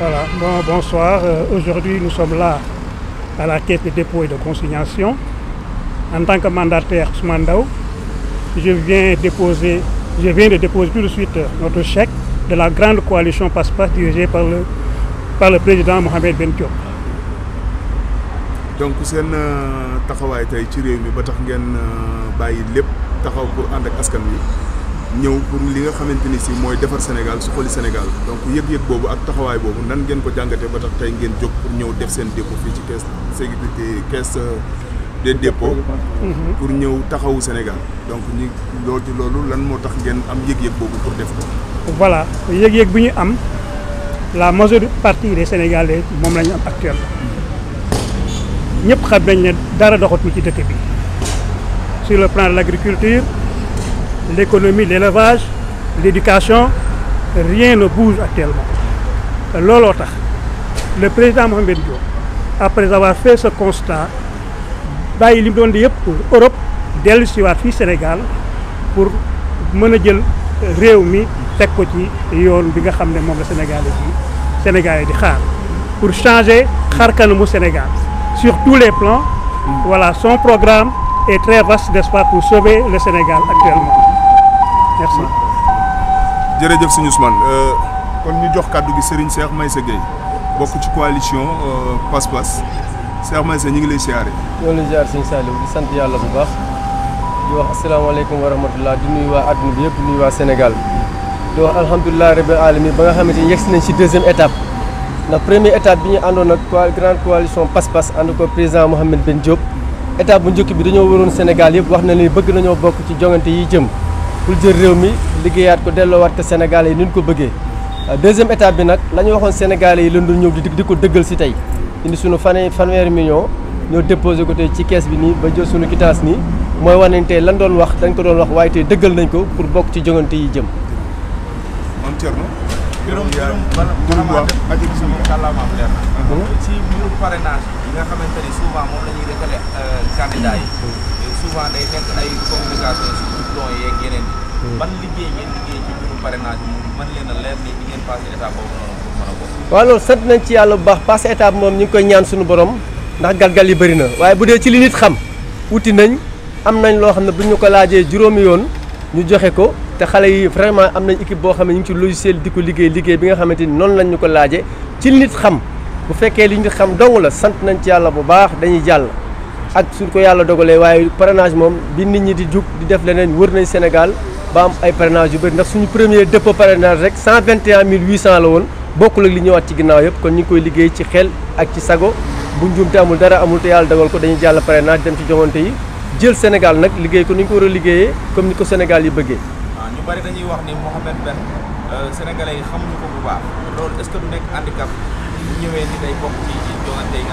Voilà, bon, bonsoir. Euh, Aujourd'hui, nous sommes là à la caisse de dépôt et de consignation. En tant que mandataire Mandao, je viens déposer, je viens de déposer tout de suite notre chèque de la grande coalition Passe-Passe dirigée par le, par le président Mohamed Ben Diop. donc seen euh, taxawaay tey ci réew mi ba tax ngeen euh, bàyyi lépp taxaw pour ànd askan wi. ñëw pour li nga xamante ni si mooy defar Sénégal suqali Sénégal donc yëg-yëg boobu ak taxawaay boobu nan ngeen ko jàngatee ba tax tey ngeen jóg pour ñëw def seen dépôt fii ci caisse sécurité caisse euh, des dépôts mhm. pour ñëw taxawu Sénégal donc ñi loolu ci loolu lan moo tax ngeen am yëg-yëg boobu pour def ko voilà yëg-yëg bu ñu am la majeure partie des Sénégalais moom la am actuellement ñëpp xam nañ ne dara doxatu ci dëkk bi sur le plan de l'agriculture l'économie l'élevage l'éducation rien ne bouge actuellement looloo tax le président Mohamed Diop après avoir fait ce constat bàyyi li mu doon di yëpp pour Europe dellu siwaat fii Sénégal pour mën a jël réew mi teg ko ci yoon bi nga xam ne moom la Sénégal yi Sénégal yi di xaar pour changer xarkanamu Sénégal sur tous les plans voilà son programme est très vaste n'est-ce pas pour sauver le Sénégal actuellement merci jërëjëf suñu Ousmane euh, kon ñu jox kàddu gi Serigne Cheikh Maïssa Gueye bokk ci coalition euh, Pass Pass Cheikh Maïssa ñu ngi lay siyaare. ñoo ngi lay siyaare sëñ Saliou di sant yàlla bu baax di wax asalaamaaleykum wa rahmatulah di nuyu waa adduna bi yëpp di waa Sénégal di wax alhamdulilah rabbil alamin ba nga xamante ni yegsi nañ ci deuxième étape. ndax première étape bi ñu àndoon ak grande coalition Pass Pass ànd ko président Mouhamed Ben Diop étape bu njëkk bi dañoo waroon Sénégal yëpp wax na ni bëgg nañoo bokk ci jongante yi jëm. pour jël réew mi liggéeyaat ko delloowaat ko Sénégalais yi ni ko bëggee euh, deuxième étape bi nag la ñu waxoon Sénégalais yi lëndul ñëw di di ko dëggal si tey indi sunu fane fanweeri million ñoo déposé ko tey ci kees bi nii ba jël sunu quittance nii mooy wane ni tey lan doon wax dañ ko doon wax waaye tey dëggal nañ ko pour bokk ci jongante yi jëm. man Thierno. gërëm gërëm Hmm. ban liggéey ngeen liggéey loolu sant nañ ci yàlla bu baax passé étape moom ñu ngi koy ñaan suñu borom ndax galgal yi bëri na waaye bu dee ci li nit xam wuti nañ am nañ loo xam ne bu ñu ko laajee juróomi yoon ñu joxe ko te xale yi vraiment am nañ équipe boo xam ne ñu ngi ci logiciel di ko liggéey liggéey bi nga xamante ni noonu lañ ñu ko laajee ci li nit xam bu fekkee li nit xam dong la sant nañ ci yàlla bu baax dañuy jàll ak suñ ko yàlla dogalee waaye parenage moom bi nit ñi di jug di def leneen wër nañ Sénégal ba am ay parrainage yu bëri ndax suñu premier dépôt parrainage rek 121 800 la woon bokkul ak li ñëwaat ci ginnaaw yëpp kon ñu ngi koy liggéey ci xel ak ci sago bu njuumte amul dara amul te yàlla dogal ko dañuy jàll parrainage dem ci joŋante yi jël Sénégal nag liggéey ko ni ñu ko war a liggéeyee comme ni ko Sénégal yi bëggee. waaw ah, ñu bëri dañuy wax ni Mohamed Benn euh, sénégalais yi xamuñu ko bu baax loolu ce que du nekk handicap bu ñëwee ni day bokk ci joŋante yi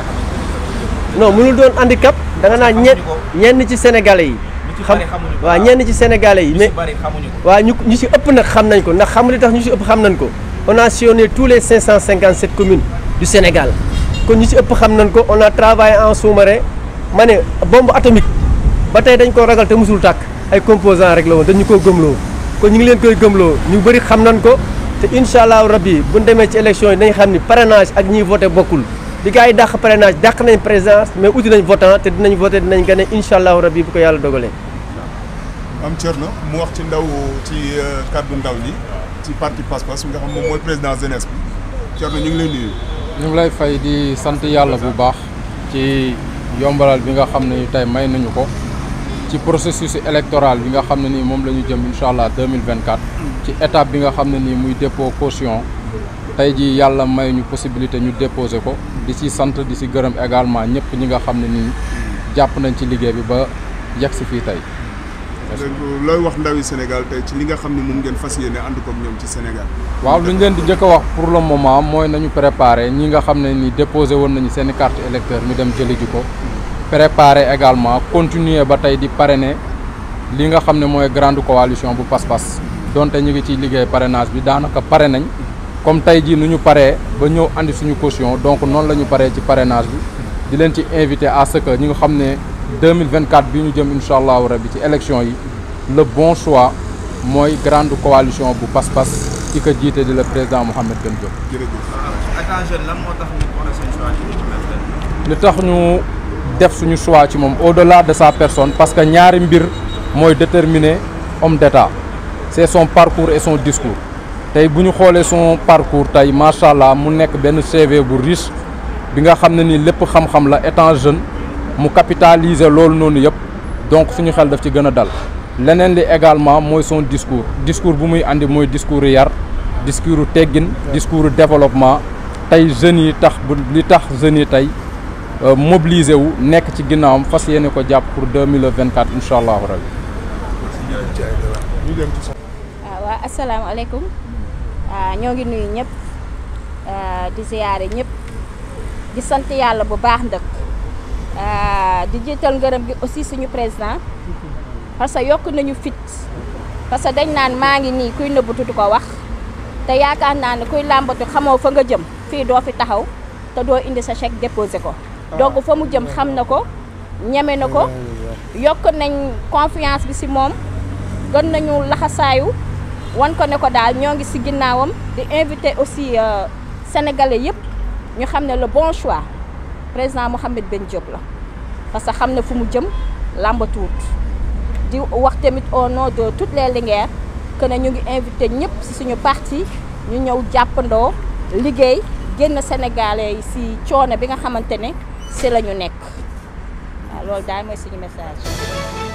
nga mënul doon handicap da nga naan ñenn ci sénégalais yi xam waa ñenn ci sénégale yi mais waaw ñu ñu si ëpp nag xam nañ ko ndax xamul li tax ñu si ëpp xam nañ ko on a sillonné tous les 557 communes du Sénégal kon ñu si ëpp xam nañ ko on a travaillé en sous ma ne bombe atomique ba tey dañ ko ragal te musul tàkk ay composants rek la woon dañu gëm gëmloo kon ñu ngi leen koy gëmloo ñu bëri xam nañ ko te incha allahu rabbi bu ñu demee ci élection yi dañ xam ni parrainage ak ñiy voté bokkul li gars yi dàq parrainage dàq nañ présence mais uti nañ votant te dinañ voté dinañ gagné incha bu ko yàlla dogalee am cër na mu wax ci ndaw ci euh, kàddu ndaw ñi ci parti Pass-Pass bi nga xam moom mooy président jeunesse bi na ñu ngi lay nuyu. ñu lay fay di sant yàlla bu baax ci yombalal bi nga xam ne tey may nañu ko ci processus électoral bi nga xam ne nii moom la ñu jëm incha allah 2024 ci étape bi nga xam ne nii muy dépo caution tey jii yàlla may ñu possibilité ñu déposé ko di ci sant di ci gërëm également ñëpp ñi nga xam ne nii jàpp nañ ci liggéey bi ba yegg si fii tey looy wax ndawi Sénégal tey ci li nga xam ne moom ngeen fas yéene ànd koog ñoom ci Sénégal. waaw li ñu leen di njëkk wax pour le moment mooy nañu préparer ñi nga xam ne ni déposé woon nañu seeni i carte électeur ñu dem jëli ji ko. préparer également continuer ba tey di pare ne li nga xam ne mooy grande coalition bu pas-pas donte ñu ngi ciy liggéey parrainage bi daanaka pare nañ. comme tey jii nu ñu paree ba ñëw andi suñu caution donc noonu la ñu paree ci parrainage bi di leen ci invité à que ñi nga xam ne. 2024 bi ñu jëm incha allahu rabi ci élection yi le bon choix mooy grande coalition bu pas-pas ki ko jiite di le président Mouhamed Ben Diop. li tax ñu def suñu choix ci moom au-delà de sa personne parce que ñaari mbir mooy déterminer homme d'État c'est son parcours et son discours tey bu ñu xoolee son parcours tey macha allah mu nekk benn CV bu riche bi nga xam ne ni lépp xam-xam la étant jeune. mu capitaliser loolu noonu yëpp donc suñu xel daf ci gën a dal leneen li également mooy son discours discours bu muy àndi mooy discours yar discours teggin discours développement tey jeunes yi tax bu li tax jeunes yi tey euh, mobiliser wu nekk ci ginnaawam fas yéene ko jàpp pour 2024 incha allahu rabi. waaw ah, waaw asalaamaaleykum ah, ñoo ngi nuyu ñëpp ah, di ziyaare ñëpp di sant yàlla bu baax ndëkk Euh, di jiital ngërëm gi aussi suñu président parce que yokk nañu fit parce que dañ naan maa ngi nii kuy nëbbu du ko wax te yaakaar naa ne kuy làmbatu xamoo fa nga jëm fii doo fi taxaw te doo indi sa cheque déposé ko ah. donc fa mu jëm xam na ko ñeme na ko yokk nañ confiance bi ci moom gën nañu laxasaayu wan ko ne ko daal ñoo ngi ci ginnaawam di invité aussi euh, sénégalais yëpp ñu xam ne le bon choix président Mouhamed benn Diop la parce que xam na fu mu jëm làmbatuwut di wax tamit au nom de toutes les Linguères que ñu ngi invité ñëpp si suñu parti ñu ñëw jàppandoo liggéey génn sénégalais yi si coono bi nga xamante ne si la ñu nekk waaw loolu daal mooy suñu message.